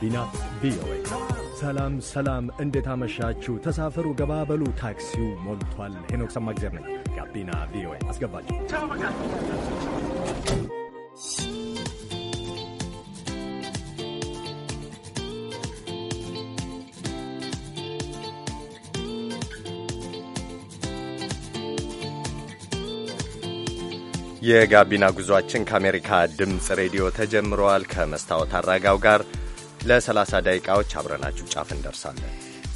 ጋቢና ቪኦኤ። ሰላም ሰላም፣ እንዴት አመሻችሁ? ተሳፈሩ፣ ገባበሉ፣ ታክሲው ሞልቷል። ሄኖክ ሰማግዜር ነኝ። ጋቢና ቪኦኤ ሰላም ሰላም እንዴት አመሻችሁ ተሳፈሩ በሉ ታክሲው ሞልቷል ሄኖክ ሰማግዜር ነኝ ጋቢና ቪኦኤ አስገባችሁ የጋቢና ጉዟችን ከአሜሪካ ድምፅ ሬዲዮ ተጀምረዋል። ከመስታወት አራጋው ጋር ለ30 ደቂቃዎች አብረናችሁ ጫፍ እንደርሳለን።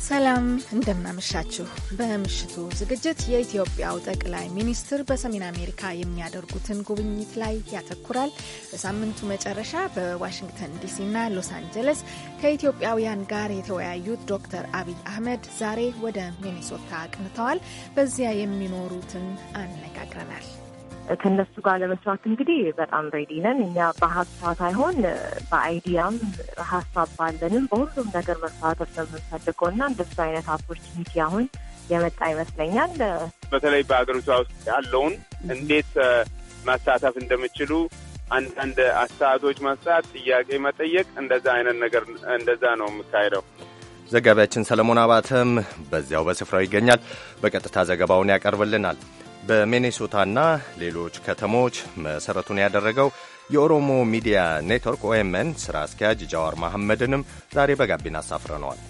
ሰላም እንደምናመሻችሁ። በምሽቱ ዝግጅት የኢትዮጵያው ጠቅላይ ሚኒስትር በሰሜን አሜሪካ የሚያደርጉትን ጉብኝት ላይ ያተኩራል። በሳምንቱ መጨረሻ በዋሽንግተን ዲሲና ሎስ አንጀለስ ከኢትዮጵያውያን ጋር የተወያዩት ዶክተር አብይ አህመድ ዛሬ ወደ ሚኒሶታ አቅንተዋል። በዚያ የሚኖሩትን አነጋግረናል። ከእነሱ ጋር ለመስራት እንግዲህ በጣም ሬዲ ነን እኛ። በሀሳብ ሳይሆን በአይዲያም ሀሳብ ባለንም በሁሉም ነገር መሳተፍ ነው የምንፈልገው እና እንደሱ አይነት ኦፖርቹኒቲ አሁን የመጣ ይመስለኛል። በተለይ በሀገሪቷ ውስጥ ያለውን እንዴት ማሳተፍ እንደምችሉ አንዳንድ አስተያየቶች መስጠት፣ ጥያቄ መጠየቅ፣ እንደዛ አይነት ነገር እንደዛ ነው የምካሄደው። ዘጋቢያችን ሰለሞን አባተም በዚያው በስፍራው ይገኛል። በቀጥታ ዘገባውን ያቀርብልናል። በሚኔሶታና ሌሎች ከተሞች መሠረቱን ያደረገው የኦሮሞ ሚዲያ ኔትወርክ ኦኤምኤን ሥራ አስኪያጅ ጃዋር መሐመድንም ዛሬ በጋቢና አሳፍረነዋል።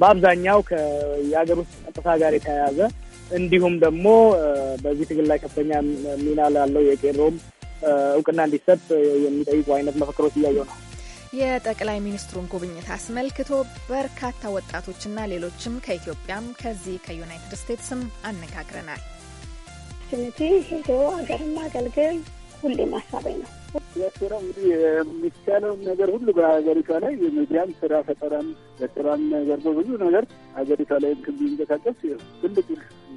በአብዛኛው የአገር ውስጥ ቀጥታ ጋር የተያያዘ እንዲሁም ደግሞ በዚህ ትግል ላይ ከፍተኛ ሚና ላለው የቄሮም እውቅና እንዲሰጥ የሚጠይቁ አይነት መፈክሮች እያየው ነው። የጠቅላይ ሚኒስትሩን ጉብኝት አስመልክቶ በርካታ ወጣቶችና ሌሎችም ከኢትዮጵያም ከዚህ ከዩናይትድ ስቴትስም አነጋግረናል። ኦፖርቹኒቲ ሄዶ ሀገር ማገልገል ሁሌ ማሳበኝ ነው። ያስራ እንግዲህ የሚቻለውን ነገር ሁሉ በሀገሪቷ ላይ የሚዲያም ስራ ፈጠራም በጥራም ነገር በብዙ ነገር ሀገሪቷ ላይ ከሚንቀሳቀስ ትልቅ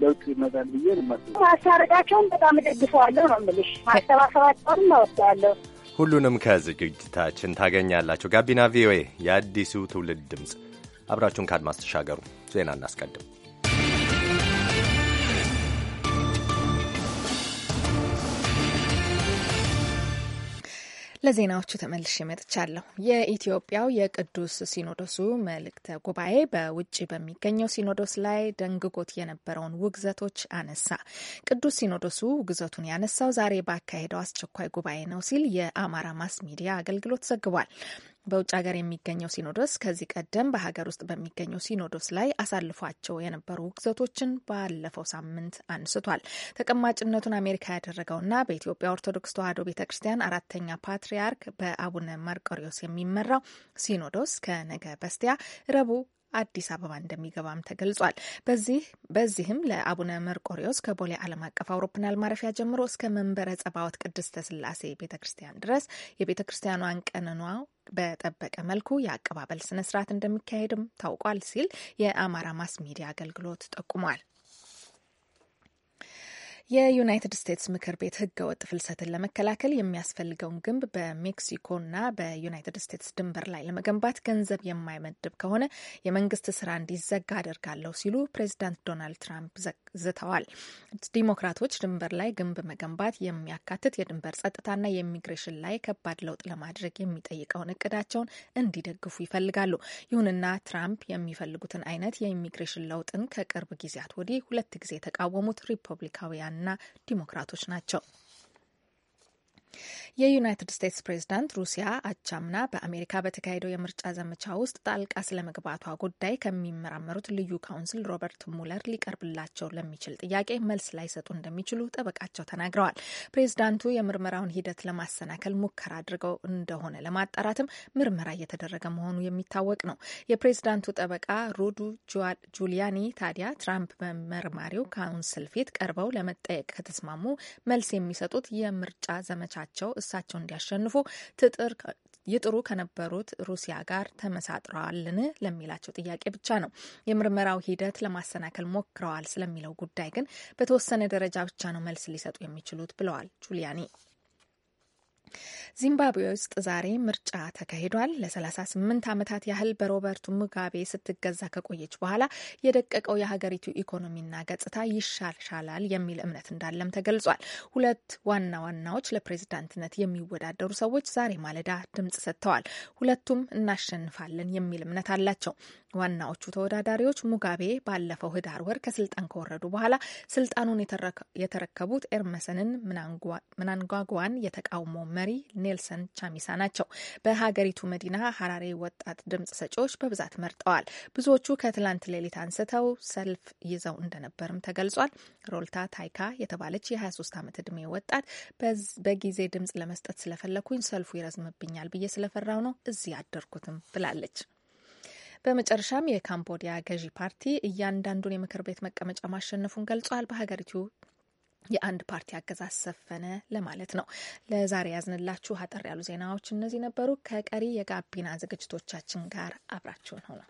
ለውጥ ይመጣል ብዬ ነው ማስ ማስታረቃቸውን በጣም እደግፈዋለሁ ነው የምልሽ። ማሰባሰባቸውን እወስዳለሁ። ሁሉንም ከዝግጅታችን ታገኛላችሁ። ጋቢና ቪኦኤ የአዲሱ ትውልድ ድምፅ፣ አብራችሁን ካድማስ ተሻገሩ። ዜና እናስቀድም። ለዜናዎቹ ተመልሼ መጥቻለሁ። የኢትዮጵያው የቅዱስ ሲኖዶሱ መልእክተ ጉባኤ በውጭ በሚገኘው ሲኖዶስ ላይ ደንግጎት የነበረውን ውግዘቶች አነሳ። ቅዱስ ሲኖዶሱ ውግዘቱን ያነሳው ዛሬ ባካሄደው አስቸኳይ ጉባኤ ነው ሲል የአማራ ማስ ሚዲያ አገልግሎት ዘግቧል። በውጭ ሀገር የሚገኘው ሲኖዶስ ከዚህ ቀደም በሀገር ውስጥ በሚገኘው ሲኖዶስ ላይ አሳልፏቸው የነበሩ ውግዘቶችን ባለፈው ሳምንት አንስቷል። ተቀማጭነቱን አሜሪካ ያደረገውና በኢትዮጵያ ኦርቶዶክስ ተዋሕዶ ቤተ ክርስቲያን አራተኛ ፓትርያርክ በአቡነ መርቆሪዎስ የሚመራው ሲኖዶስ ከነገ በስቲያ ረቡዕ አዲስ አበባ እንደሚገባም ተገልጿል። በዚህ በዚህም ለአቡነ መርቆሪዎስ ከቦሌ ዓለም አቀፍ አውሮፕላን ማረፊያ ጀምሮ እስከ መንበረ ጸባወት ቅድስተ ስላሴ ቤተ ክርስቲያን ድረስ የቤተ ክርስቲያኗን ቀንኗ በጠበቀ መልኩ የአቀባበል ስነስርዓት እንደሚካሄድም ታውቋል ሲል የአማራ ማስ ሚዲያ አገልግሎት ጠቁሟል። የዩናይትድ ስቴትስ ምክር ቤት ህገወጥ ፍልሰትን ለመከላከል የሚያስፈልገውን ግንብ በሜክሲኮና በዩናይትድ ስቴትስ ድንበር ላይ ለመገንባት ገንዘብ የማይመድብ ከሆነ የመንግስት ስራ እንዲዘጋ አደርጋለሁ ሲሉ ፕሬዚዳንት ዶናልድ ትራምፕ ዝተዋል። ዲሞክራቶች ድንበር ላይ ግንብ መገንባት የሚያካትት የድንበር ጸጥታና የኢሚግሬሽን ላይ ከባድ ለውጥ ለማድረግ የሚጠይቀውን እቅዳቸውን እንዲደግፉ ይፈልጋሉ። ይሁንና ትራምፕ የሚፈልጉትን አይነት የኢሚግሬሽን ለውጥን ከቅርብ ጊዜያት ወዲህ ሁለት ጊዜ የተቃወሙት ሪፐብሊካውያን እና ዲሞክራቶች ናቸው። የዩናይትድ ስቴትስ ፕሬዝዳንት ሩሲያ አቻምና በአሜሪካ በተካሄደው የምርጫ ዘመቻ ውስጥ ጣልቃ ስለመግባቷ ጉዳይ ከሚመራመሩት ልዩ ካውንስል ሮበርት ሙለር ሊቀርብላቸው ለሚችል ጥያቄ መልስ ላይሰጡ እንደሚችሉ ጠበቃቸው ተናግረዋል። ፕሬዝዳንቱ የምርመራውን ሂደት ለማሰናከል ሙከራ አድርገው እንደሆነ ለማጣራትም ምርመራ እየተደረገ መሆኑ የሚታወቅ ነው። የፕሬዚዳንቱ ጠበቃ ሩዱ ጁሊያኒ ታዲያ ትራምፕ በመርማሪው ካውንስል ፊት ቀርበው ለመጠየቅ ከተስማሙ መልስ የሚሰጡት የምርጫ ዘመቻ በመግባታቸው እሳቸው እንዲያሸንፉ ትጥር ይጥሩ ከነበሩት ሩሲያ ጋር ተመሳጥረዋልን ለሚላቸው ጥያቄ ብቻ ነው። የምርመራው ሂደት ለማሰናከል ሞክረዋል ስለሚለው ጉዳይ ግን በተወሰነ ደረጃ ብቻ ነው መልስ ሊሰጡ የሚችሉት ብለዋል ጁሊያኒ። ዚምባብዌ ውስጥ ዛሬ ምርጫ ተካሂዷል። ለ38 ዓመታት ያህል በሮበርት ሙጋቤ ስትገዛ ከቆየች በኋላ የደቀቀው የሀገሪቱ ኢኮኖሚና ገጽታ ይሻሻላል የሚል እምነት እንዳለም ተገልጿል። ሁለት ዋና ዋናዎች ለፕሬዝዳንትነት የሚወዳደሩ ሰዎች ዛሬ ማለዳ ድምጽ ሰጥተዋል። ሁለቱም እናሸንፋለን የሚል እምነት አላቸው። ዋናዎቹ ተወዳዳሪዎች ሙጋቤ ባለፈው ህዳር ወር ከስልጣን ከወረዱ በኋላ ስልጣኑን የተረከቡት ኤርመሰንን ምናንጓጓን የተቃውሞ መሪ ኔልሰን ቻሚሳ ናቸው። በሀገሪቱ መዲና ሀራሬ ወጣት ድምጽ ሰጪዎች በብዛት መርጠዋል። ብዙዎቹ ከትላንት ሌሊት አንስተው ሰልፍ ይዘው እንደነበርም ተገልጿል። ሮልታ ታይካ የተባለች የ23 ዓመት ዕድሜ ወጣት በጊዜ ድምጽ ለመስጠት ስለፈለኩኝ ሰልፉ ይረዝምብኛል ብዬ ስለፈራው ነው እዚህ አደርኩትም ብላለች። በመጨረሻም የካምቦዲያ ገዢ ፓርቲ እያንዳንዱን የምክር ቤት መቀመጫ ማሸነፉን ገልጿል። በሀገሪቱ የአንድ ፓርቲ አገዛዝ ሰፈነ ለማለት ነው። ለዛሬ ያዝንላችሁ አጠር ያሉ ዜናዎች እነዚህ ነበሩ። ከቀሪ የጋቢና ዝግጅቶቻችን ጋር አብራችሁን ሆነው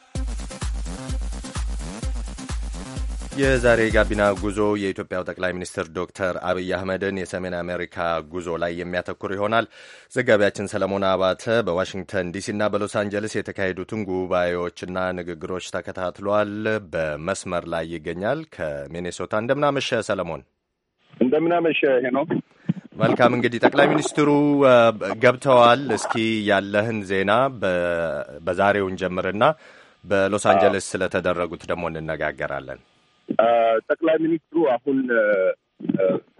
የዛሬ ጋቢና ጉዞ የኢትዮጵያው ጠቅላይ ሚኒስትር ዶክተር አብይ አህመድን የሰሜን አሜሪካ ጉዞ ላይ የሚያተኩር ይሆናል። ዘጋቢያችን ሰለሞን አባተ በዋሽንግተን ዲሲና በሎስ አንጀለስ የተካሄዱትን ጉባኤዎችና ንግግሮች ተከታትሏል። በመስመር ላይ ይገኛል ከሚኔሶታ። እንደምናመሸ ሰለሞን። እንደምናመሸ ሄኖክ። መልካም እንግዲህ ጠቅላይ ሚኒስትሩ ገብተዋል። እስኪ ያለህን ዜና በዛሬውን ጀምርና በሎስ አንጀለስ ስለተደረጉት ደግሞ እንነጋገራለን። ጠቅላይ ሚኒስትሩ አሁን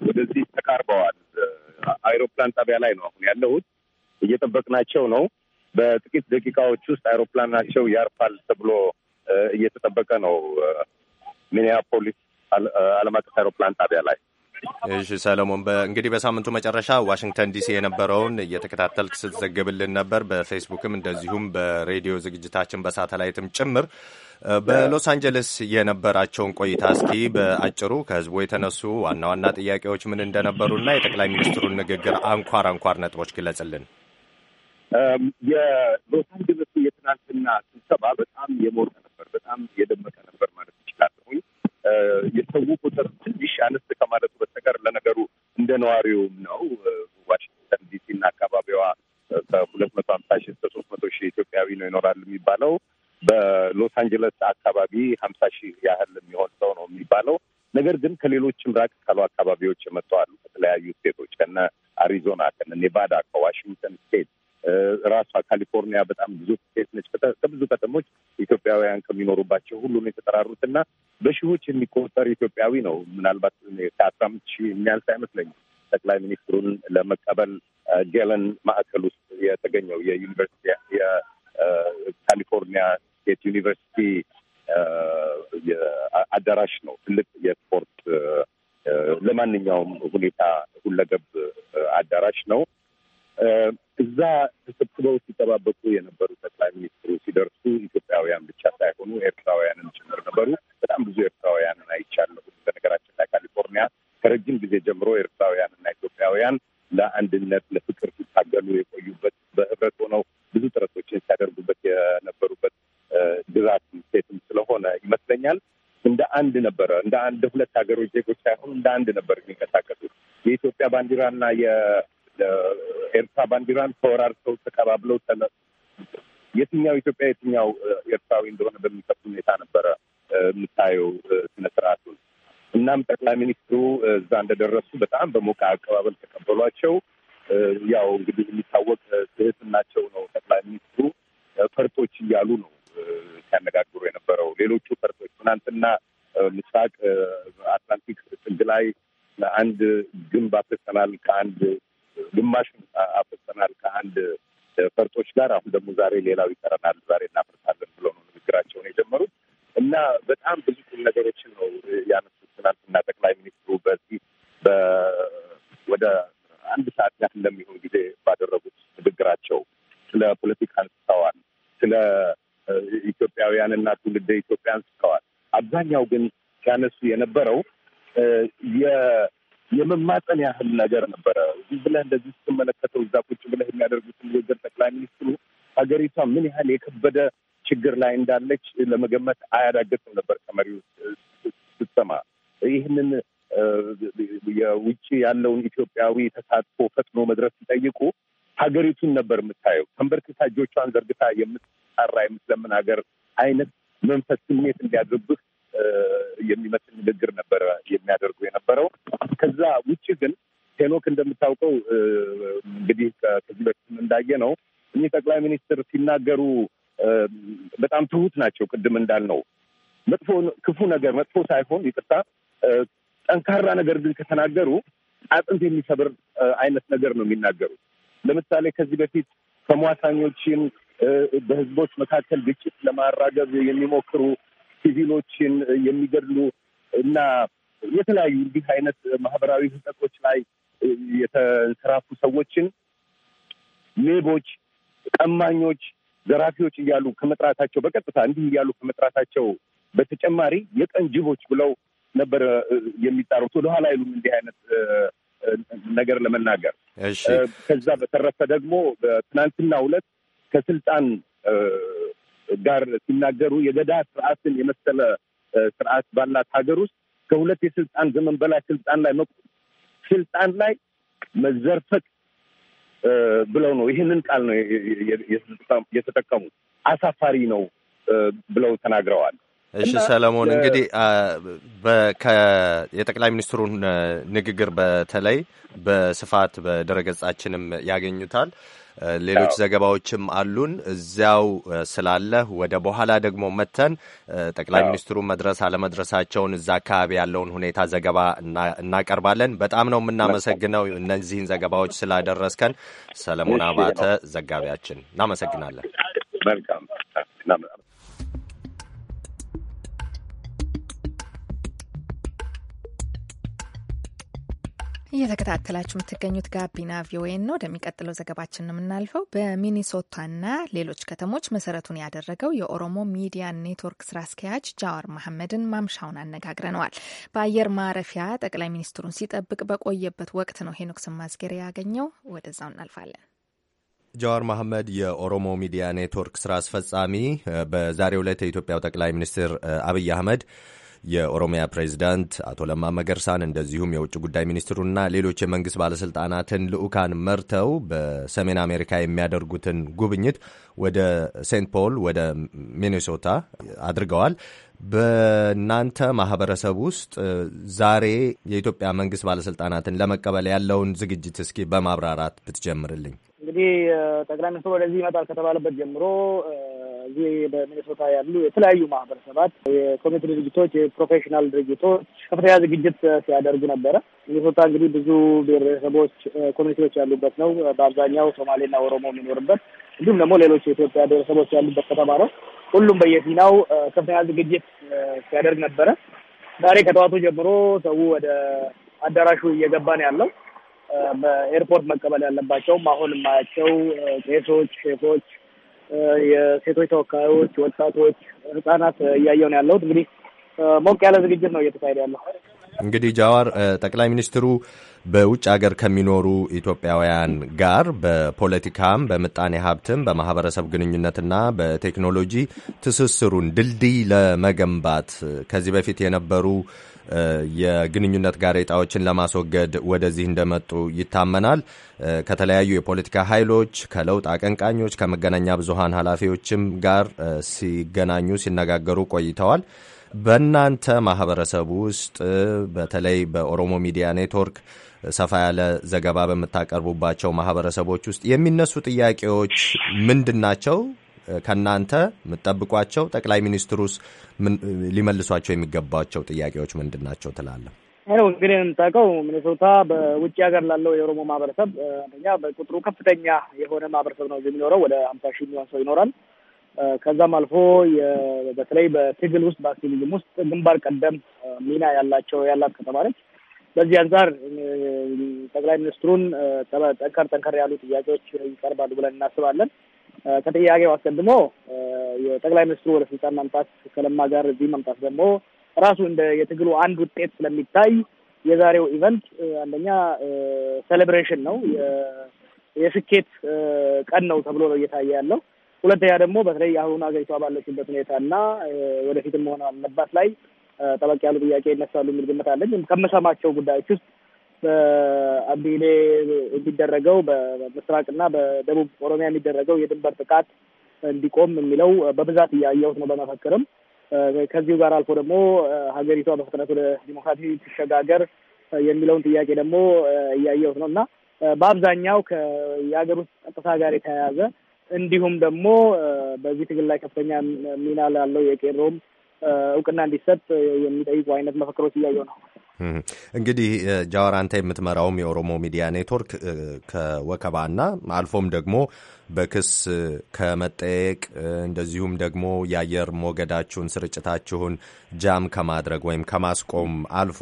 ወደዚህ ተቃርበዋል። አይሮፕላን ጣቢያ ላይ ነው አሁን ያለሁት። እየጠበቅናቸው ነው። በጥቂት ደቂቃዎች ውስጥ አይሮፕላናቸው ያርፋል ተብሎ እየተጠበቀ ነው ሚኒያፖሊስ ዓለም አቀፍ አይሮፕላን ጣቢያ ላይ እሺ ሰለሞን፣ እንግዲህ በሳምንቱ መጨረሻ ዋሽንግተን ዲሲ የነበረውን እየተከታተልክ ስትዘግብልን ነበር። በፌስቡክም እንደዚሁም በሬዲዮ ዝግጅታችን በሳተላይትም ጭምር በሎስ አንጀለስ የነበራቸውን ቆይታ እስኪ በአጭሩ ከህዝቡ የተነሱ ዋና ዋና ጥያቄዎች ምን እንደነበሩና የጠቅላይ ሚኒስትሩን ንግግር አንኳር አንኳር ነጥቦች ግለጽልን። የሎስ አንጀለስ የትናንትና ስብሰባ በጣም የሞቀ ነበር፣ በጣም የደመቀ ነበር። የሰው ቁጥር ትንሽ አነስ ከማለቱ በስተቀር ለነገሩ እንደ ነዋሪውም ነው ዋሽንግተን ዲሲ እና አካባቢዋ ከሁለት መቶ ሀምሳ ሺህ እስከ ሶስት መቶ ሺህ ኢትዮጵያዊ ነው ይኖራል የሚባለው። በሎስ አንጀለስ አካባቢ ሀምሳ ሺህ ያህል የሚሆን ሰው ነው የሚባለው። ነገር ግን ከሌሎችም ራቅ ካሉ አካባቢዎች የመጥተዋሉ ከተለያዩ ስቴቶች ከነ አሪዞና፣ ከነ ኔቫዳ፣ ከዋሽንግተን ስቴት ራሷ ካሊፎርኒያ በጣም ብዙ ስቴት ነች። ከብዙ ከተሞች ኢትዮጵያውያን ከሚኖሩባቸው ሁሉ ነው የተጠራሩት እና በሺዎች የሚቆጠር ኢትዮጵያዊ ነው። ምናልባት ከአስራ አምስት ሺህ የሚያንስ አይመስለኝም ጠቅላይ ሚኒስትሩን ለመቀበል ጄለን ማዕከል ውስጥ የተገኘው የዩኒቨርሲቲ የካሊፎርኒያ ስቴት ዩኒቨርሲቲ አዳራሽ ነው። ትልቅ የስፖርት ለማንኛውም ሁኔታ ሁለገብ አዳራሽ ነው። እዛ ተሰብስበው ሲጠባበቁ የነበሩ ጠቅላይ ሚኒስትሩ አንድ ሁለት ሀገሮች ዜጎች ሳይሆኑ እንደ አንድ ነበር የሚንቀሳቀሱት። የኢትዮጵያ ባንዲራና የኤርትራ ባንዲራን ተወራርሰው ተቀባብለው የትኛው ኢትዮጵያ የትኛው ኤርትራዊ እንደሆነ በሚከፍል ሁኔታ ነበረ የምታየው ስነ ስርዓቱን። እናም ጠቅላይ ሚኒስትሩ እዛ እንደደረሱ በጣም በሞቃ አቀባበል ተቀበሏቸው። ያው እንግዲህ የሚታወቅ ትህትናቸው ነው። ጠቅላይ ሚኒስትሩ ፈርጦች እያሉ ነው ሲያነጋግሩ የነበረው። ሌሎቹ ፈርጦች ትናንትና ምስራቅ አትላንቲክ ጥግ ላይ ለአንድ ግንብ አፈሰናል ከአንድ ግማሽ አፈሰናል ከአንድ ፈርጦች ጋር አሁን ደግሞ ዛሬ ሌላው ይቀረናል ዛሬ እናፈርሳለን ብሎ ነው ንግግራቸውን የጀመሩት እና በጣም ብዙ ቁም ነገሮችን ነው ያነሱት። ትናንትና ጠቅላይ ሚኒስትሩ በዚህ ወደ አንድ ሰዓት ያህል ለሚሆን ጊዜ ባደረጉት ንግግራቸው ስለ ፖለቲካ አንስተዋል። ስለ ኢትዮጵያውያንና ትውልደ ኢትዮጵያ አንስተዋል። አብዛኛው ግን ሲያነሱ የነበረው የመማጠን ያህል ነገር ነበረ። ዝም ብለህ እንደዚህ ስትመለከተው እዛ ቁጭ ብለህ የሚያደርጉትን ንግግር ጠቅላይ ሚኒስትሩ ሀገሪቷ ምን ያህል የከበደ ችግር ላይ እንዳለች ለመገመት አያዳገትም ነበር ከመሪው ስትሰማ ይህንን የውጭ ያለውን ኢትዮጵያዊ ተሳትፎ ፈጥኖ መድረስ ሲጠይቁ ሀገሪቱን ነበር የምታየው። ተንበርክካ እጆቿን ዘርግታ የምትጠራ የምትለምን ሀገር አይነት መንፈስ ስሜት እንዲያድርብህ የሚመስል ንግግር ነበረ የሚያደርጉ የነበረው። ከዛ ውጭ ግን ሄኖክ እንደምታውቀው እንግዲህ ከዚህ በፊት እንዳየ ነው እኚህ ጠቅላይ ሚኒስትር ሲናገሩ በጣም ትሁት ናቸው። ቅድም እንዳልነው መጥፎ ክፉ ነገር መጥፎ ሳይሆን ይቅርታ፣ ጠንካራ ነገር ግን ከተናገሩ አጥንት የሚሰብር አይነት ነገር ነው የሚናገሩት። ለምሳሌ ከዚህ በፊት ከሟሳኞችን በህዝቦች መካከል ግጭት ለማራገብ የሚሞክሩ ሲቪሎችን የሚገድሉ እና የተለያዩ እንዲህ አይነት ማህበራዊ ህጠቶች ላይ የተንሰራፉ ሰዎችን ሌቦች፣ ቀማኞች፣ ዘራፊዎች እያሉ ከመጥራታቸው በቀጥታ እንዲህ እያሉ ከመጥራታቸው በተጨማሪ የቀን ጅቦች ብለው ነበረ የሚጣሩት። ወደኋላ አይሉም እንዲህ አይነት ነገር ለመናገር። ከዛ በተረፈ ደግሞ በትናንትና ሁለት ከስልጣን ጋር ሲናገሩ የገዳ ስርዓትን የመሰለ ስርዓት ባላት ሀገር ውስጥ ከሁለት የስልጣን ዘመን በላይ ስልጣን ላይ ስልጣን ላይ መዘርፈቅ ብለው ነው ይህንን ቃል ነው የተጠቀሙ አሳፋሪ ነው ብለው ተናግረዋል። እሺ ሰለሞን፣ እንግዲህ የጠቅላይ ሚኒስትሩን ንግግር በተለይ በስፋት በድረገጻችንም ያገኙታል። ሌሎች ዘገባዎችም አሉን። እዚያው ስላለህ ወደ በኋላ ደግሞ መተን ጠቅላይ ሚኒስትሩ መድረስ አለመድረሳቸውን እዛ አካባቢ ያለውን ሁኔታ ዘገባ እናቀርባለን። በጣም ነው የምናመሰግነው እነዚህን ዘገባዎች ስላደረስከን። ሰለሞን አባተ ዘጋቢያችን፣ እናመሰግናለን። መልካም እየተከታተላችሁ የምትገኙት ጋቢና ቪኦኤ ነው። ወደሚቀጥለው ዘገባችን የምናልፈው በሚኒሶታና ሌሎች ከተሞች መሰረቱን ያደረገው የኦሮሞ ሚዲያ ኔትወርክ ስራ አስኪያጅ ጃዋር መሐመድን ማምሻውን አነጋግረነዋል። በአየር ማረፊያ ጠቅላይ ሚኒስትሩን ሲጠብቅ በቆየበት ወቅት ነው ሄኖክ ስማዝጌር ያገኘው። ወደዛው እናልፋለን። ጃዋር መሐመድ የኦሮሞ ሚዲያ ኔትወርክ ስራ አስፈጻሚ፣ በዛሬው ዕለት የኢትዮጵያው ጠቅላይ ሚኒስትር አብይ አህመድ የኦሮሚያ ፕሬዚዳንት አቶ ለማ መገርሳን እንደዚሁም የውጭ ጉዳይ ሚኒስትሩና ሌሎች የመንግስት ባለስልጣናትን ልዑካን መርተው በሰሜን አሜሪካ የሚያደርጉትን ጉብኝት ወደ ሴንት ፖል ወደ ሚኔሶታ አድርገዋል። በእናንተ ማህበረሰብ ውስጥ ዛሬ የኢትዮጵያ መንግስት ባለስልጣናትን ለመቀበል ያለውን ዝግጅት እስኪ በማብራራት ብትጀምርልኝ። እንግዲህ ጠቅላይ ሚኒስትሩ ወደዚህ ይመጣል ከተባለበት ጀምሮ እዚህ በሚኒሶታ ያሉ የተለያዩ ማህበረሰባት፣ የኮሚኒቲ ድርጅቶች፣ የፕሮፌሽናል ድርጅቶች ከፍተኛ ዝግጅት ሲያደርጉ ነበረ። ሚኒሶታ እንግዲህ ብዙ ብሔረሰቦች፣ ኮሚኒቲዎች ያሉበት ነው። በአብዛኛው ሶማሌና ኦሮሞ የሚኖርበት እንዲሁም ደግሞ ሌሎች የኢትዮጵያ ብሔረሰቦች ያሉበት ከተማ ነው። ሁሉም በየፊናው ከፍተኛ ዝግጅት ሲያደርግ ነበረ። ዛሬ ከጠዋቱ ጀምሮ ሰው ወደ አዳራሹ እየገባ ነው ያለው። በኤርፖርት መቀበል ያለባቸውም አሁን የማያቸው ቄሶች፣ ሼፎች፣ የሴቶች ተወካዮች፣ ወጣቶች፣ ህጻናት እያየው ነው ያለሁት። እንግዲህ ሞቅ ያለ ዝግጅት ነው እየተካሄደ ያለው። እንግዲህ ጃዋር፣ ጠቅላይ ሚኒስትሩ በውጭ ሀገር ከሚኖሩ ኢትዮጵያውያን ጋር በፖለቲካም በምጣኔ ሀብትም በማህበረሰብ ግንኙነትና በቴክኖሎጂ ትስስሩን ድልድይ ለመገንባት ከዚህ በፊት የነበሩ የግንኙነት ጋሬጣዎችን ለማስወገድ ወደዚህ እንደመጡ ይታመናል። ከተለያዩ የፖለቲካ ኃይሎች፣ ከለውጥ አቀንቃኞች፣ ከመገናኛ ብዙሃን ኃላፊዎችም ጋር ሲገናኙ ሲነጋገሩ ቆይተዋል። በእናንተ ማህበረሰብ ውስጥ በተለይ በኦሮሞ ሚዲያ ኔትወርክ ሰፋ ያለ ዘገባ በምታቀርቡባቸው ማህበረሰቦች ውስጥ የሚነሱ ጥያቄዎች ምንድን ናቸው? ከእናንተ የምጠብቋቸው ጠቅላይ ሚኒስትሩስ ሊመልሷቸው የሚገባቸው ጥያቄዎች ምንድን ናቸው ትላለህ? ይኸው እንግዲህ የምታውቀው ሚኒሶታ በውጭ ሀገር ላለው የኦሮሞ ማህበረሰብ አንደኛ በቁጥሩ ከፍተኛ የሆነ ማህበረሰብ ነው የሚኖረው። ወደ አምሳ ሺህ የሚሆን ሰው ይኖራል። ከዛም አልፎ በተለይ በትግል ውስጥ በአክቲቪዝም ውስጥ ግንባር ቀደም ሚና ያላቸው ያላት ከተማ ነች። በዚህ አንጻር ጠቅላይ ሚኒስትሩን ጠንከር ጠንከር ያሉ ጥያቄዎች ይቀርባሉ ብለን እናስባለን። ከጥያቄው አስቀድሞ የጠቅላይ ሚኒስትሩ ወደ ስልጣን መምጣት ከለማ ጋር እዚህ መምጣት ደግሞ ራሱ እንደ የትግሉ አንድ ውጤት ስለሚታይ የዛሬው ኢቨንት አንደኛ ሴሌብሬሽን ነው፣ የስኬት ቀን ነው ተብሎ ነው እየታየ ያለው። ሁለተኛ ደግሞ በተለይ አሁን ሀገሪቷ ባለችበት ሁኔታ እና ወደፊትም ሆነ አለባት ላይ ጠበቅ ያሉ ጥያቄ ይነሳሉ የሚል ግምት አለኝ። ከምሰማቸው ጉዳዮች ውስጥ በአቢሌ የሚደረገው በምስራቅና በደቡብ ኦሮሚያ የሚደረገው የድንበር ጥቃት እንዲቆም የሚለው በብዛት እያየሁት ነው በመፈክርም ከዚሁ ጋር አልፎ ደግሞ ሀገሪቷ በፍጥነት ወደ ዲሞክራሲ ትሸጋገር የሚለውን ጥያቄ ደግሞ እያየሁት ነው እና በአብዛኛው የሀገር ውስጥ ጸጥታ ጋር የተያያዘ እንዲሁም ደግሞ በዚህ ትግል ላይ ከፍተኛ ሚና ላለው የቄሮም እውቅና እንዲሰጥ የሚጠይቁ አይነት መፈክሮች እያየሁ ነው። እንግዲህ ጃዋር አንተ የምትመራውም የኦሮሞ ሚዲያ ኔትወርክ ከወከባና አልፎም ደግሞ በክስ ከመጠየቅ እንደዚሁም ደግሞ የአየር ሞገዳችሁን ስርጭታችሁን ጃም ከማድረግ ወይም ከማስቆም አልፎ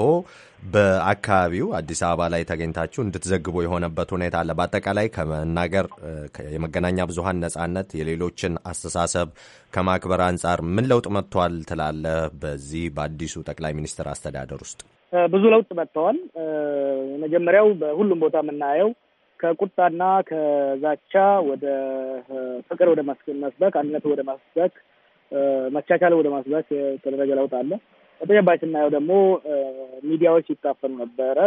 በአካባቢው አዲስ አበባ ላይ ተገኝታችሁ እንድትዘግቡ የሆነበት ሁኔታ አለ። በአጠቃላይ ከመናገር የመገናኛ ብዙሀን ነጻነት የሌሎችን አስተሳሰብ ከማክበር አንጻር ምን ለውጥ መጥቷል ትላለህ በዚህ በአዲሱ ጠቅላይ ሚኒስትር አስተዳደር ውስጥ? ብዙ ለውጥ መጥተዋል። መጀመሪያው በሁሉም ቦታ የምናየው ከቁጣና ከዛቻ ወደ ፍቅር ወደ መስበክ፣ አንድነት ወደ ማስበክ መቻቻል ወደ ማስበክ የተደረገ ለውጥ አለ። በተጨባጭ ስናየው ደግሞ ሚዲያዎች ሲታፈኑ ነበረ፣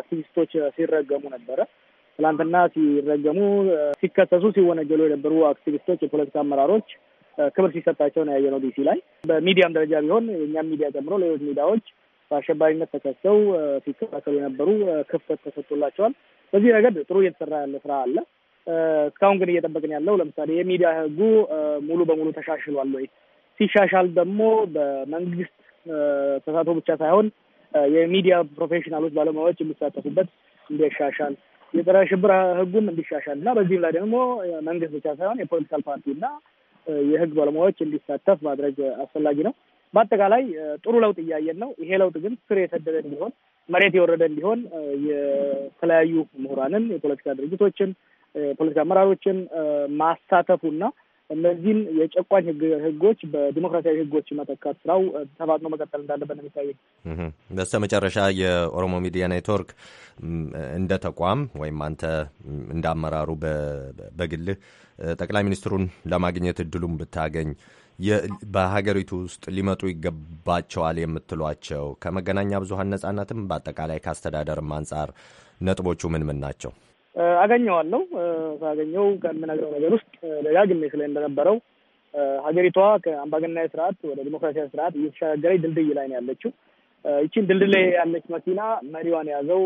አክቲቪስቶች ሲረገሙ ነበረ። ትላንትና ሲረገሙ፣ ሲከሰሱ፣ ሲወነጀሉ የነበሩ አክቲቪስቶች፣ የፖለቲካ አመራሮች ክብር ሲሰጣቸው ነው ያየነው ዲሲ ላይ። በሚዲያም ደረጃ ቢሆን የእኛም ሚዲያ ጨምሮ ሌሎች ሚዲያዎች በአሸባሪነት ተከሰው ሲከላከሉ የነበሩ ክፍተት ተሰጥቶላቸዋል። በዚህ ረገድ ጥሩ እየተሰራ ያለ ስራ አለ። እስካሁን ግን እየጠበቅን ያለው ለምሳሌ የሚዲያ ህጉ ሙሉ በሙሉ ተሻሽሏል ወይ? ሲሻሻል ደግሞ በመንግስት ተሳትፎ ብቻ ሳይሆን የሚዲያ ፕሮፌሽናሎች ባለሙያዎች የሚሳተፉበት እንዲሻሻል የጸረ ሽብር ህጉም እንዲሻሻል እና በዚህም ላይ ደግሞ መንግስት ብቻ ሳይሆን የፖለቲካል ፓርቲ እና የህግ ባለሙያዎች እንዲሳተፍ ማድረግ አስፈላጊ ነው። በአጠቃላይ ጥሩ ለውጥ እያየን ነው። ይሄ ለውጥ ግን ስር የሰደደ እንዲሆን መሬት የወረደ እንዲሆን የተለያዩ ምሁራንን፣ የፖለቲካ ድርጅቶችን፣ የፖለቲካ አመራሮችን ማሳተፉና እነዚህን የጨቋኝ ህጎች በዲሞክራሲያዊ ህጎች መተካት ስራው ተፋጥኖ መቀጠል እንዳለበት ነው የሚታየኝ። በስተ መጨረሻ የኦሮሞ ሚዲያ ኔትወርክ እንደ ተቋም ወይም አንተ እንዳመራሩ በግልህ ጠቅላይ ሚኒስትሩን ለማግኘት እድሉም ብታገኝ በሀገሪቱ ውስጥ ሊመጡ ይገባቸዋል የምትሏቸው ከመገናኛ ብዙሀን ነጻነትም በአጠቃላይ ከአስተዳደርም አንጻር ነጥቦቹ ምን ምን ናቸው? አገኘዋለሁ። ካገኘው ከምነግረው ነገር ውስጥ ደጋግሜ ስለ እንደነበረው ሀገሪቷ ከአምባገናዊ ስርዓት ወደ ዲሞክራሲያዊ ስርዓት እየተሸጋገረች ድልድይ ላይ ነው ያለችው። ይቺን ድልድይ ላይ ያለች መኪና መሪዋን የያዘው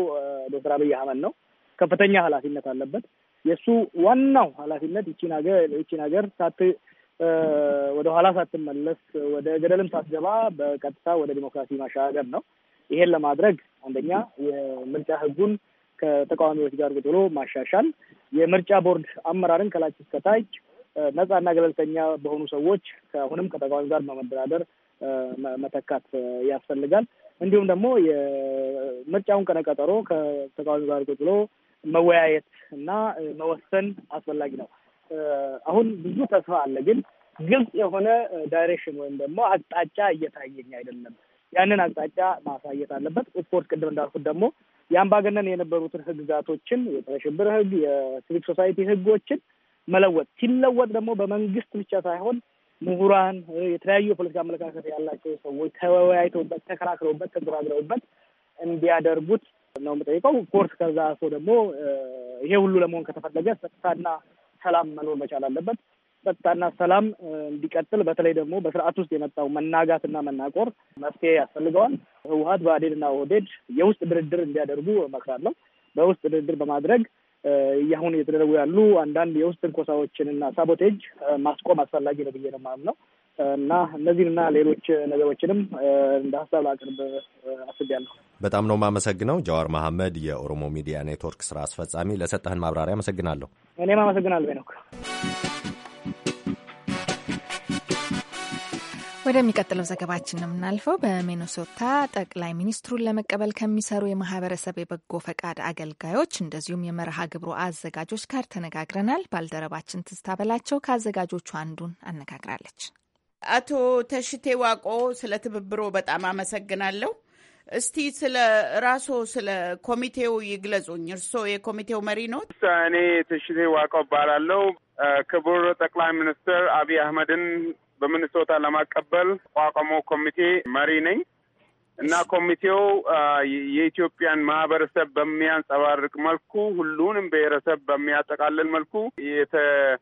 ዶክተር አብይ አህመድ ነው። ከፍተኛ ኃላፊነት አለበት። የእሱ ዋናው ኃላፊነት ይቺን ሀገር ይቺን ሀገር ሳት ወደ ኋላ ሳትመለስ ወደ ገደልም ሳትገባ በቀጥታ ወደ ዲሞክራሲ ማሻገር ነው። ይሄን ለማድረግ አንደኛ የምርጫ ህጉን ከተቃዋሚዎች ጋር ቁጭ ብሎ ማሻሻል፣ የምርጫ ቦርድ አመራርን ከላች እስከታች ነጻና ገለልተኛ በሆኑ ሰዎች ከአሁንም ከተቃዋሚ ጋር በመደራደር መተካት ያስፈልጋል። እንዲሁም ደግሞ የምርጫውን ቀነቀጠሮ ከተቃዋሚ ጋር ቁጭ ብሎ መወያየት እና መወሰን አስፈላጊ ነው። አሁን ብዙ ተስፋ አለ፣ ግን ግልጽ የሆነ ዳይሬክሽን ወይም ደግሞ አቅጣጫ እየታየኝ አይደለም። ያንን አቅጣጫ ማሳየት አለበት። ስፖርት ቅድም እንዳልኩት ደግሞ የአምባገነን የነበሩትን ህግጋቶችን የጸረ ሽብር ህግ፣ የሲቪክ ሶሳይቲ ህጎችን መለወጥ ሲለወጥ ደግሞ በመንግስት ብቻ ሳይሆን ምሁራን፣ የተለያዩ የፖለቲካ አመለካከት ያላቸው ሰዎች ተወያይተውበት፣ ተከራክረውበት፣ ተጎራግረውበት እንዲያደርጉት ነው የምጠይቀው። ኮርስ ከዛ ሰው ደግሞ ይሄ ሁሉ ለመሆን ከተፈለገ ጸጥታና ሰላም መኖር መቻል አለበት። ጸጥታና ሰላም እንዲቀጥል በተለይ ደግሞ በስርዓት ውስጥ የመጣው መናጋትና መናቆር መፍትሄ ያስፈልገዋል። ህወሀት፣ እና ኦህዴድ የውስጥ ድርድር እንዲያደርጉ እመክራለሁ። በውስጥ ድርድር በማድረግ እያሁን እየተደረጉ ያሉ አንዳንድ የውስጥ እና ሳቦቴጅ ማስቆም አስፈላጊ ነው ብዬ ነው የማምነው። እና እነዚህንና ሌሎች ነገሮችንም እንደ ሀሳብ ላቅርብ አስቤያለሁ። በጣም ነው የማመሰግነው። ጀዋር መሐመድ፣ የኦሮሞ ሚዲያ ኔትወርክ ስራ አስፈጻሚ፣ ለሰጠህን ማብራሪያ አመሰግናለሁ። እኔም አመሰግናለሁ ሄኖክ። ወደሚቀጥለው ዘገባችን ነው የምናልፈው። በሚኒሶታ ጠቅላይ ሚኒስትሩን ለመቀበል ከሚሰሩ የማህበረሰብ የበጎ ፈቃድ አገልጋዮች እንደዚሁም የመርሃ ግብሩ አዘጋጆች ጋር ተነጋግረናል። ባልደረባችን ትዝታ በላቸው ከአዘጋጆቹ አንዱን አነጋግራለች። አቶ ተሽቴ ዋቆ ስለ ትብብሮ በጣም አመሰግናለሁ። እስቲ ስለ ራስዎ ስለ ኮሚቴው ይግለጹኝ። እርስዎ የኮሚቴው መሪ ኖት? እኔ ተሽቴ ዋቆ እባላለሁ። ክቡር ጠቅላይ ሚኒስትር አብይ አህመድን በምንሶታ ለማቀበል ቋቋሞ ኮሚቴ መሪ ነኝ። እና ኮሚቴው የኢትዮጵያን ማህበረሰብ በሚያንጸባርቅ መልኩ ሁሉንም ብሔረሰብ በሚያጠቃልል መልኩ የተቀናጀ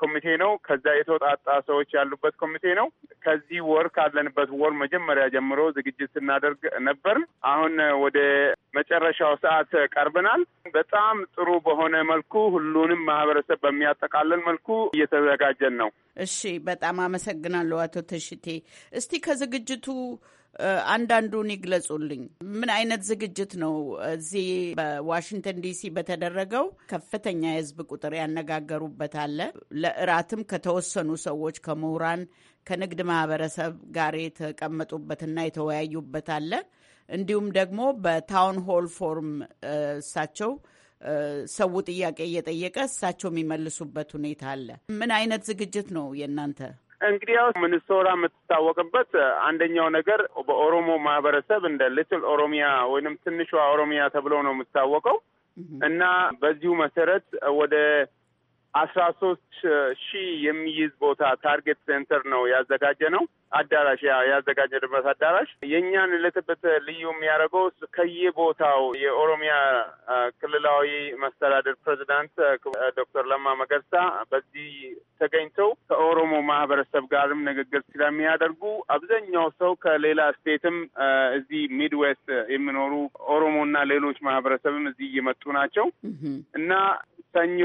ኮሚቴ ነው። ከዛ የተውጣጣ ሰዎች ያሉበት ኮሚቴ ነው። ከዚህ ወር ካለንበት ወር መጀመሪያ ጀምሮ ዝግጅት ስናደርግ ነበር። አሁን ወደ መጨረሻው ሰዓት ቀርበናል። በጣም ጥሩ በሆነ መልኩ ሁሉንም ማህበረሰብ በሚያጠቃልል መልኩ እየተዘጋጀን ነው። እሺ፣ በጣም አመሰግናለሁ አቶ ተሽቴ። እስቲ ከዝግጅቱ አንዳንዱን ይግለጹልኝ። ምን አይነት ዝግጅት ነው እዚህ በዋሽንግተን ዲሲ በተደረገው ከፍተኛ የህዝብ ቁጥር ያነጋገሩበት አለ። ለእራትም ከተወሰኑ ሰዎች ከምሁራን፣ ከንግድ ማህበረሰብ ጋር የተቀመጡበትና የተወያዩበት አለ። እንዲሁም ደግሞ በታውን ሆል ፎርም እሳቸው ሰው ጥያቄ እየጠየቀ እሳቸው የሚመልሱበት ሁኔታ አለ። ምን አይነት ዝግጅት ነው የእናንተ? እንግዲያውስ ምንሶራ የምትታወቅበት አንደኛው ነገር በኦሮሞ ማህበረሰብ እንደ ልትል ኦሮሚያ ወይንም ትንሿ ኦሮሚያ ተብሎ ነው የምትታወቀው እና በዚሁ መሰረት ወደ አስራ ሶስት ሺህ የሚይዝ ቦታ ታርጌት ሴንተር ነው ያዘጋጀ ነው አዳራሽ ያዘጋጀንበት አዳራሽ የእኛን ለትበት ልዩ የሚያደርገው ከየቦታው የኦሮሚያ ክልላዊ መስተዳደር ፕሬዚዳንት ዶክተር ለማ መገርሳ በዚህ ተገኝተው ከኦሮሞ ማህበረሰብ ጋርም ንግግር ስለሚያደርጉ አብዛኛው ሰው ከሌላ ስቴትም እዚህ ሚድዌስት የሚኖሩ ኦሮሞና ሌሎች ማህበረሰብም እዚህ እየመጡ ናቸው እና ሰኞ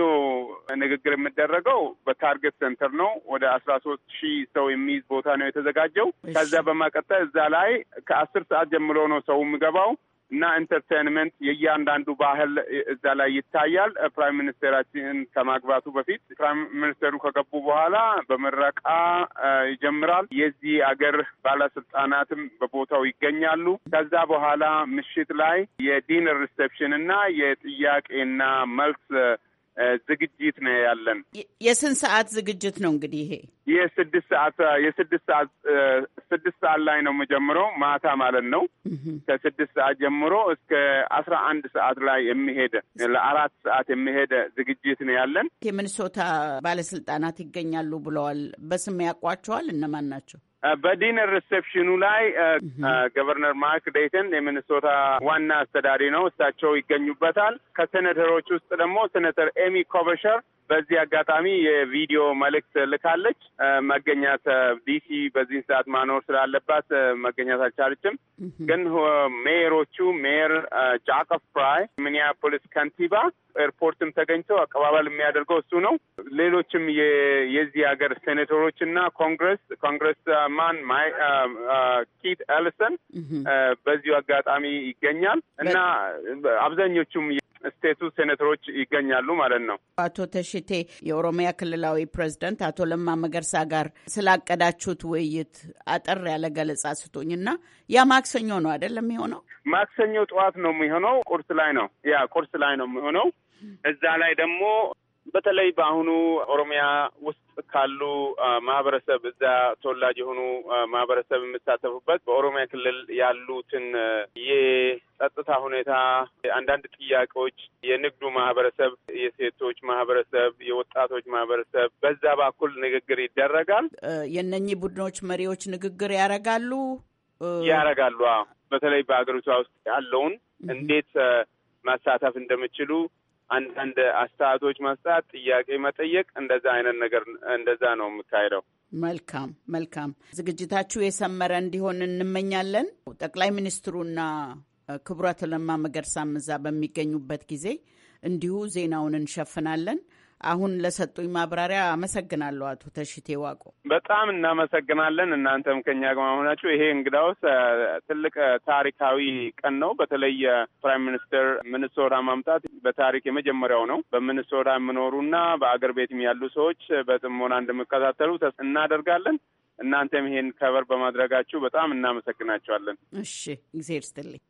ንግግር የሚደረገው በታርጌት ሴንተር ነው። ወደ አስራ ሶስት ሺህ ሰው የሚይዝ ቦታ ነው የተዘጋጀው። ከዛ በመቀጠል እዛ ላይ ከአስር ሰዓት ጀምሮ ነው ሰው የሚገባው እና ኢንተርቴንመንት የእያንዳንዱ ባህል እዛ ላይ ይታያል። ፕራይም ሚኒስቴራችን ከማግባቱ በፊት ፕራይም ሚኒስቴሩ ከገቡ በኋላ በምረቃ ይጀምራል። የዚህ አገር ባለስልጣናትም በቦታው ይገኛሉ። ከዛ በኋላ ምሽት ላይ የዲነር ሪሴፕሽን እና የጥያቄና መልስ ዝግጅት ነው ያለን። የስንት ሰዓት ዝግጅት ነው እንግዲህ ይሄ? የስድስት ሰዓት የስድስት ሰዓት ስድስት ሰዓት ላይ ነው የምጀምረው ማታ ማለት ነው። ከስድስት ሰዓት ጀምሮ እስከ አስራ አንድ ሰዓት ላይ የሚሄደ ለአራት ሰዓት የሚሄደ ዝግጅት ነው ያለን። የሚኒሶታ ባለስልጣናት ይገኛሉ ብለዋል። በስም ያውቋቸዋል? እነማን ናቸው? በዲነር ሪሴፕሽኑ ላይ ገቨርነር ማርክ ዴይተን የሚኒሶታ ዋና አስተዳሪ ነው፣ እሳቸው ይገኙበታል። ከሴኔተሮች ውስጥ ደግሞ ሴኔተር ኤሚ ኮበሸር በዚህ አጋጣሚ የቪዲዮ መልእክት ልካለች። መገኘት ዲሲ በዚህ ሰዓት ማኖር ስላለባት መገኘት አልቻለችም። ግን ሜየሮቹ ሜየር ጃኮብ ፍራይ ሚኒያፖሊስ ከንቲባ ኤርፖርትም ተገኝተው አቀባበል የሚያደርገው እሱ ነው። ሌሎችም የዚህ ሀገር ሴኔተሮች እና ኮንግረስ ኮንግረስ ማን ኪት ኤልሰን በዚሁ አጋጣሚ ይገኛል እና አብዛኞቹም ስቴቱ ሴኔተሮች ይገኛሉ ማለት ነው። አቶ ተሽቴ የኦሮሚያ ክልላዊ ፕሬዚደንት አቶ ለማ መገርሳ ጋር ስላቀዳችሁት ውይይት አጠር ያለ ገለጻ ስጡኝ እና ያ ማክሰኞ ነው አይደለም? የሚሆነው ማክሰኞ ጠዋት ነው የሚሆነው። ቁርስ ላይ ነው ያ ቁርስ ላይ ነው የሚሆነው። እዛ ላይ ደግሞ በተለይ በአሁኑ ኦሮሚያ ውስጥ ካሉ ማህበረሰብ እዛ ተወላጅ የሆኑ ማህበረሰብ የሚሳተፉበት በኦሮሚያ ክልል ያሉትን የጸጥታ ሁኔታ፣ አንዳንድ ጥያቄዎች፣ የንግዱ ማህበረሰብ፣ የሴቶች ማህበረሰብ፣ የወጣቶች ማህበረሰብ በዛ በኩል ንግግር ይደረጋል። የእነኚህ ቡድኖች መሪዎች ንግግር ያረጋሉ ያረጋሉ። በተለይ በሀገሪቷ ውስጥ ያለውን እንዴት ማሳተፍ እንደምችሉ አንዳንድ አስተያየቶች መስጠት፣ ጥያቄ መጠየቅ፣ እንደዛ አይነት ነገር እንደዛ ነው የምካሄደው። መልካም መልካም። ዝግጅታችሁ የሰመረ እንዲሆን እንመኛለን። ጠቅላይ ሚኒስትሩና ክቡራት ለማ መገርሳም እዛ በሚገኙበት ጊዜ እንዲሁ ዜናውን እንሸፍናለን። አሁን ለሰጡኝ ማብራሪያ አመሰግናለሁ። አቶ ተሽቴ ዋቆ በጣም እናመሰግናለን። እናንተም ከኛ ጋር መሆናችሁ ይሄ እንግዳውስ ትልቅ ታሪካዊ ቀን ነው። በተለይ ፕራይም ሚኒስትር ሚኒሶታ ማምጣት በታሪክ የመጀመሪያው ነው። በሚኒሶታ የምኖሩና በአገር ቤትም ያሉ ሰዎች በጥሞና እንደሚከታተሉ እናደርጋለን። እናንተም ይሄን ከበር በማድረጋችሁ በጣም እናመሰግናቸዋለን። እሺ፣ ጊዜ ይስጥልኝ።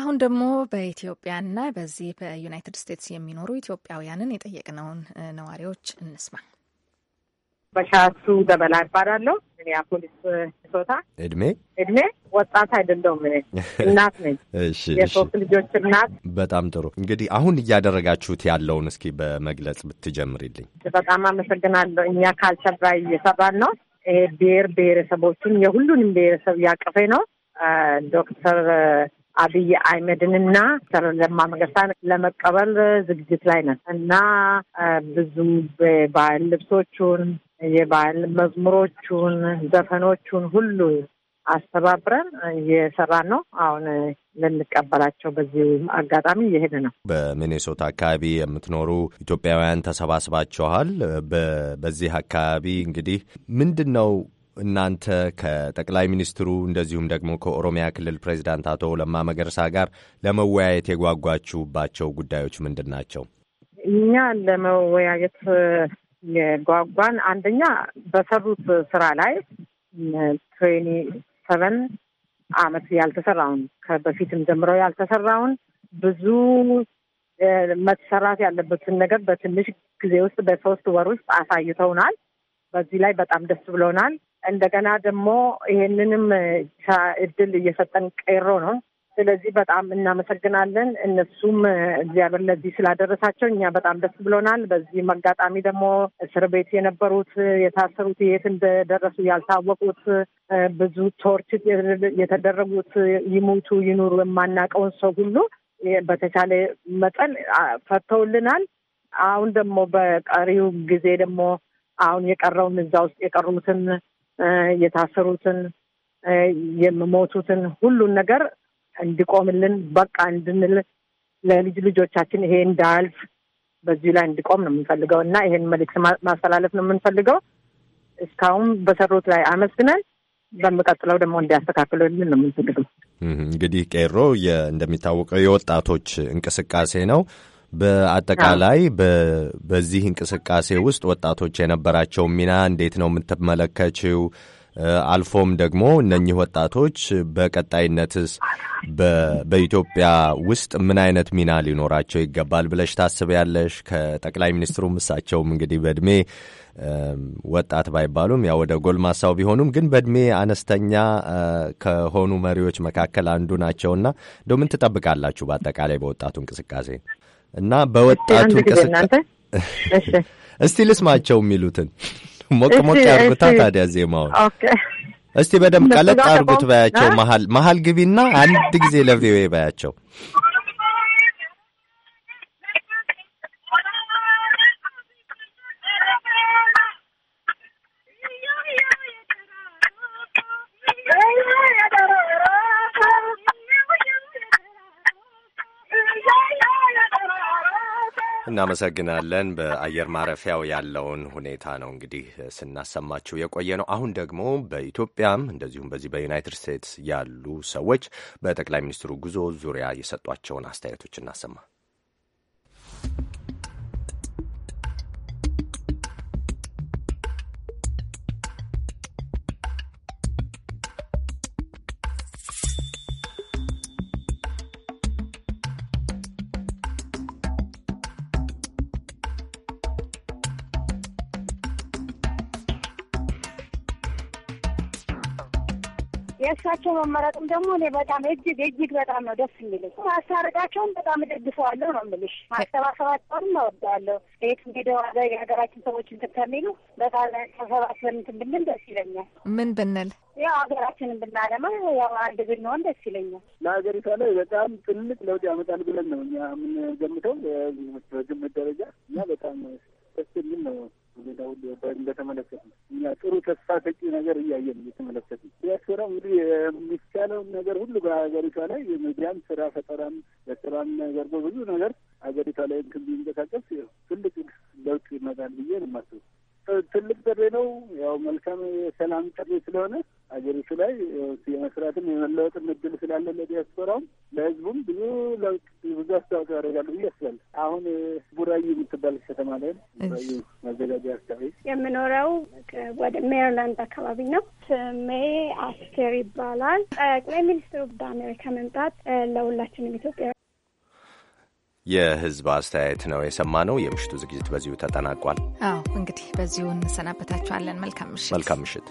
አሁን ደግሞ በኢትዮጵያና በዚህ በዩናይትድ ስቴትስ የሚኖሩ ኢትዮጵያውያንን የጠየቅነውን ነዋሪዎች እንስማ። በሻቱ ገበላ ይባላለሁ። እኔ አፖሊስ ሶታ እድሜ እድሜ ወጣት አይደለሁም፣ እናት ነኝ። እሺ፣ የሶስት ልጆች እናት። በጣም ጥሩ። እንግዲህ አሁን እያደረጋችሁት ያለውን እስኪ በመግለጽ ብትጀምሪልኝ። በጣም አመሰግናለሁ። እኛ ካልቸር ላይ እየሰራን ነው። ይሄ ብሔር ብሔረሰቦችን የሁሉንም ብሔረሰብ እያቀፈ ነው። ዶክተር አብይ አህመድንና ለማ መገርሳን ለመቀበል ዝግጅት ላይ ነን እና ብዙ የባህል ልብሶቹን፣ የባህል መዝሙሮቹን፣ ዘፈኖቹን ሁሉ አስተባብረን እየሰራን ነው። አሁን ልንቀበላቸው በዚህ አጋጣሚ እየሄድ ነው። በሚኔሶታ አካባቢ የምትኖሩ ኢትዮጵያውያን ተሰባስባችኋል። በዚህ አካባቢ እንግዲህ ምንድን ነው እናንተ ከጠቅላይ ሚኒስትሩ እንደዚሁም ደግሞ ከኦሮሚያ ክልል ፕሬዚዳንት አቶ ለማ መገርሳ ጋር ለመወያየት የጓጓችሁባቸው ጉዳዮች ምንድን ናቸው? እኛ ለመወያየት የጓጓን አንደኛ በሰሩት ስራ ላይ ትዌኒ ሰቨን አመት ያልተሰራውን ከበፊትም ጀምረው ያልተሰራውን ብዙ መሰራት ያለበትን ነገር በትንሽ ጊዜ ውስጥ በሶስት ወር ውስጥ አሳይተውናል። በዚህ ላይ በጣም ደስ ብሎናል። እንደገና ደግሞ ይሄንንም እድል እየሰጠን ቀይሮ ነው። ስለዚህ በጣም እናመሰግናለን። እነሱም እግዚአብሔር ለዚህ ስላደረሳቸው እኛ በጣም ደስ ብሎናል። በዚህ አጋጣሚ ደግሞ እስር ቤት የነበሩት የታሰሩት፣ የት እንደደረሱ ያልታወቁት፣ ብዙ ቶርች የተደረጉት፣ ይሙቱ ይኑሩ የማናውቀውን ሰው ሁሉ በተቻለ መጠን ፈተውልናል። አሁን ደግሞ በቀሪው ጊዜ ደግሞ አሁን የቀረውን እዛ ውስጥ የቀሩትን የታሰሩትን የሚሞቱትን ሁሉን ነገር እንዲቆምልን በቃ እንድንል ለልጅ ልጆቻችን ይሄ እንዳያልፍ በዚህ ላይ እንዲቆም ነው የምንፈልገው እና ይሄን መልዕክት ማስተላለፍ ነው የምንፈልገው። እስካሁን በሰሩት ላይ አመስግነን በሚቀጥለው ደግሞ እንዲያስተካክሉልን ነው የምንፈልገው። እንግዲህ ቄሮ እንደሚታወቀው የወጣቶች እንቅስቃሴ ነው። በአጠቃላይ በዚህ እንቅስቃሴ ውስጥ ወጣቶች የነበራቸው ሚና እንዴት ነው የምትመለከችው? አልፎም ደግሞ እነኚህ ወጣቶች በቀጣይነትስ በኢትዮጵያ ውስጥ ምን አይነት ሚና ሊኖራቸው ይገባል ብለሽ ታስቢያለሽ? ከጠቅላይ ሚኒስትሩም እሳቸውም እንግዲህ በእድሜ ወጣት ባይባሉም ያው ወደ ጎልማሳው ቢሆኑም ግን በእድሜ አነስተኛ ከሆኑ መሪዎች መካከል አንዱ ናቸውና እንደው ምን ትጠብቃላችሁ በአጠቃላይ በወጣቱ እንቅስቃሴ? እና በወጣቱ እስቲ ልስማቸው የሚሉትን ሞቅ ሞቅ ያርጉታ። ታዲያ ዜማውን እስቲ በደንብ ቀለጥ አርጉት በያቸው። መሀል መሀል ግቢና አንድ ጊዜ ለቪኦኤ በያቸው። እናመሰግናለን። በአየር ማረፊያው ያለውን ሁኔታ ነው እንግዲህ ስናሰማቸው የቆየ ነው። አሁን ደግሞ በኢትዮጵያም እንደዚሁም በዚህ በዩናይትድ ስቴትስ ያሉ ሰዎች በጠቅላይ ሚኒስትሩ ጉዞ ዙሪያ የሰጧቸውን አስተያየቶች እናሰማ። እሳቸው መመረጥም ደግሞ እኔ በጣም እጅግ እጅግ በጣም ነው ደስ የሚልኝ። ማስታረቃቸውን በጣም እደግፈዋለሁ ነው የምልሽ። ማሰባሰባቸውንም እወዳለሁ። ቤት እንግዲህ የሀገራችን ሰዎች እንትን ከሚሉ በጣም ተሰባስበን እንትን ብንል ደስ ይለኛል። ምን ብንል ያው ሀገራችንን ብናለማ ያው አንድ ብንሆን ደስ ይለኛል። ለሀገሪቷ ላይ በጣም ትልቅ ለውጥ ያመጣል ብለን ነው እኛ የምንገምተው በግምት ደረጃ እና በጣም ደስ የሚል ነው ሁኔታ ሁሉ እንደተመለከት ነው። እኛ ጥሩ ተስፋ ሰጪ ነገር እያየን እየተመለከት ነው። ያሰራ እንግዲህ የሚቻለውን ነገር ሁሉ በሀገሪቷ ላይ የሚዲያም ስራ ፈጠራም በስራም ነገር በብዙ ነገር ሀገሪቷ ላይ እንትን ቢንቀሳቀስ ትልቅ ለውጥ ይመጣል ብዬ ነው የማስበው። ትልቅ ጥሪ ነው። ያው መልካም የሰላም ጥሪ ስለሆነ ሀገሪቱ ላይ የመስራትም የመለወጥም እድል ስላለ ለዲያስፖራውም ለህዝቡም ብዙ ለውጥ ብዙ አስተዋጽኦ ያደርጋሉ ብዬ አስባለሁ። አሁን ቡራዩ የምትባል ከተማ ላይ ቡራዩ መዘጋጃ አካባቢ የምኖረው ወደ ሜሪላንድ አካባቢ ነው። ስሜ አስቴር ይባላል። ጠቅላይ ሚኒስትሩ በአሜሪካ መምጣት ለሁላችንም ኢትዮጵያ የህዝብ አስተያየት ነው የሰማነው። የምሽቱ ዝግጅት በዚሁ ተጠናቋል። አዎ እንግዲህ በዚሁ እንሰናበታችኋለን። መልካም ምሽት። መልካም ምሽት።